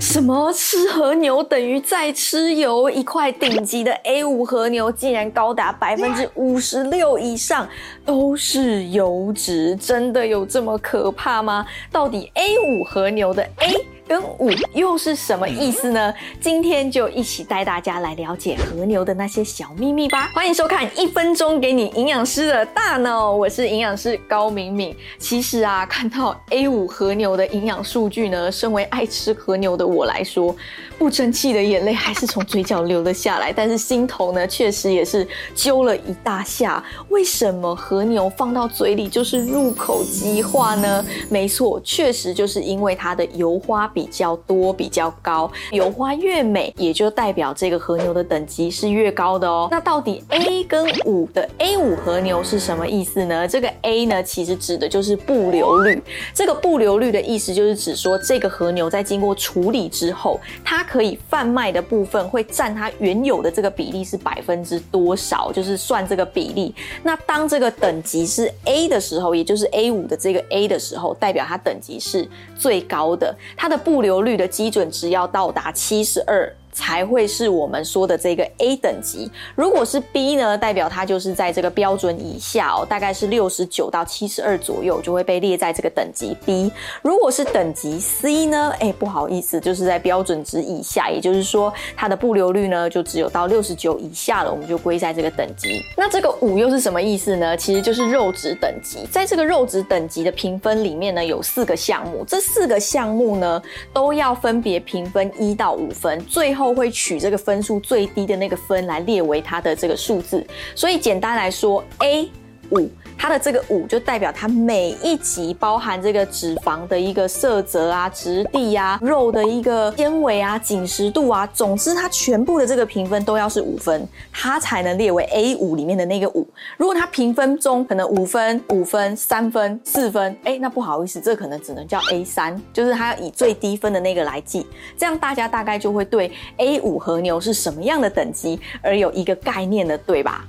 什麼吃和牛等於在吃油？一塊頂級的 A 五和牛，竟然高達百分之五十六以上都是油脂，真的有這麼可怕嗎？到底 A 五和牛的 A 跟五又是什麼意思呢？今天就一起帶大家來了解和牛的那些小祕密吧。歡迎收看《一分鐘給你營養師的大腦》，我是營養師高敏敏。其實啊，看到 A5 和牛的營養數據呢，身為愛吃和牛的我來說，不爭氣的眼淚還是從嘴角流了下來。但是心頭呢，確實也是揪了一大下。為什麼和牛放到嘴裡就是入口即化呢？沒錯，確實就是因為它的油花。比較多，比較高，油花越美，也就代表這個和牛的等級是越高的哦。那到底 A 跟五的 A 五和牛是什麼意思呢？這個 A 呢，其實指的就是步留率。這個步留率的意思就是指說，這個和牛在經過處理之後，它可以販賣的部分會佔它原有的這個比例是百分之多少，就是算這個比例。那當這個等級是 A 的時候，也就是 A 五的這個 A 的時候，代表它等級是最高的，它的。步留率的基準值要到達七十二。才會是我們說的這個 A 等級。如果是 B 呢，代表它就是在這個標準以下哦，大概是六十九到七十二左右就會被列在這個等級 B。如果是等級 C 呢，哎、欸，不好意思，就是在標準值以下，也就是說它的步留率呢就只有到六十九以下了，我們就歸在這個等級。那這個五又是什麼意思呢？其實就是肉質等級，在這個肉質等級的評分裡面呢，有四個項目，這四個項目呢都要分別評分一到五分，最後。都會取這個分數最低的那個分來列為它的這個數字，所以簡單來說，A5。它的這個五就代表它每一級包含這個脂肪的一個色澤啊、質地啊、肉的一個纖維啊、緊實度啊，總之它全部的這個評分都要是五分，它才能列為 A 五裡面的那個五。如果它評分中可能五分、五分、三分、四分，哎、欸，那不好意思，這可能只能叫 A 三，就是它要以最低分的那個來記。這樣大家大概就會對 A 五和牛是什麼樣的等級而有一個概念的，對吧？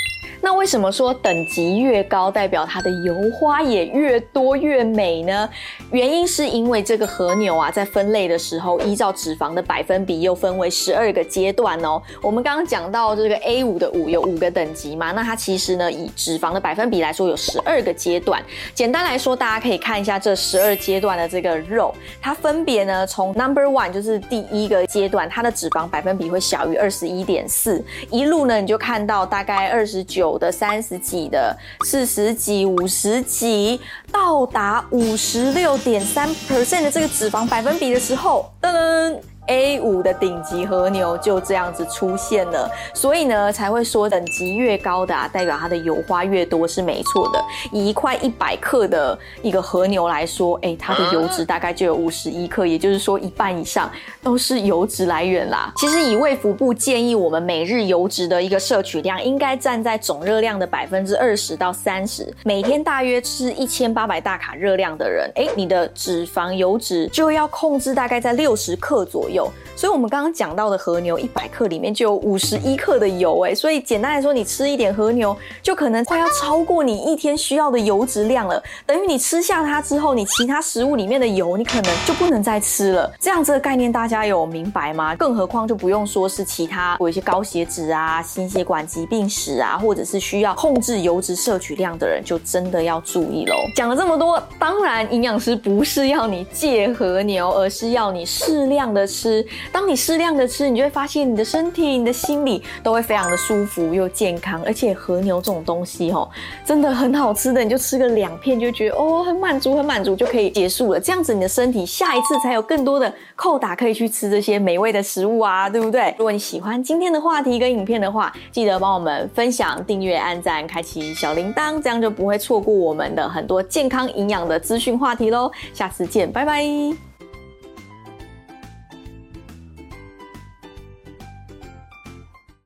那為什麼說等級越高，代表它的油花也越多越美呢？原因是因為這個和牛啊，在分類的時候，依照脂肪的百分比又分為十二個階段哦。我們剛剛講到這個 A 五的五有五個等級嘛，那它其實呢，以脂肪的百分比來說，有十二個階段。簡單來說，大家可以看一下這十二階段的這個肉，它分別呢，從 Number One 就是第一個階段，它的脂肪百分比會小於二十一點四，一路呢你就看到大概二十九。的三十幾的、四十幾、五十幾，到達五十六點三 percent 的這個脂肪百分比的時候，噔噔。A5 的頂級和牛就這樣子出現了，所以呢，才會說等級越高的啊，代表它的油花越多是沒錯的。以一塊一百克的一個和牛來說，哎，它的油脂大概就有五十一克，也就是說一半以上都是油脂來源啦。其實以衛福部建議我們每日油脂的一個攝取量應該佔在總熱量的百分之二十到三十，每天大約吃一千八百大卡熱量的人，哎，你的脂肪油脂就要控制大概在六十克左右。有，所以我們剛剛講到的和牛一百克裡面就有五十一克的油，哎，所以簡單來說，你吃一點和牛就可能快要超過你一天需要的油脂量了。等於你吃下它之後，你其他食物裡面的油你可能就不能再吃了。這樣這個概念大家有明白嗎？更何況就不用說是其他有一些高血脂啊、心血管疾病史啊，或者是需要控制油脂攝取量的人，就真的要注意嘍。講了這麼多，當然營養師不是要你戒和牛，而是要你適量的吃。當你適量的吃，你就會發現你的身體、你的心理都會非常的舒服又健康。而且和牛這種東西吼、喔，真的很好吃的，你就吃個兩片，就覺得哦，很滿足，很滿足，就可以結束了。這樣子你的身體下一次才有更多的扣打可以去吃這些美味的食物啊，對不對？如果你喜歡今天的話題跟影片的話，記得幫我們分享、訂閱、按讚、開啟小鈴鐺，這樣就不會錯過我們的很多健康營養的資訊話題嘍。下次見，拜拜。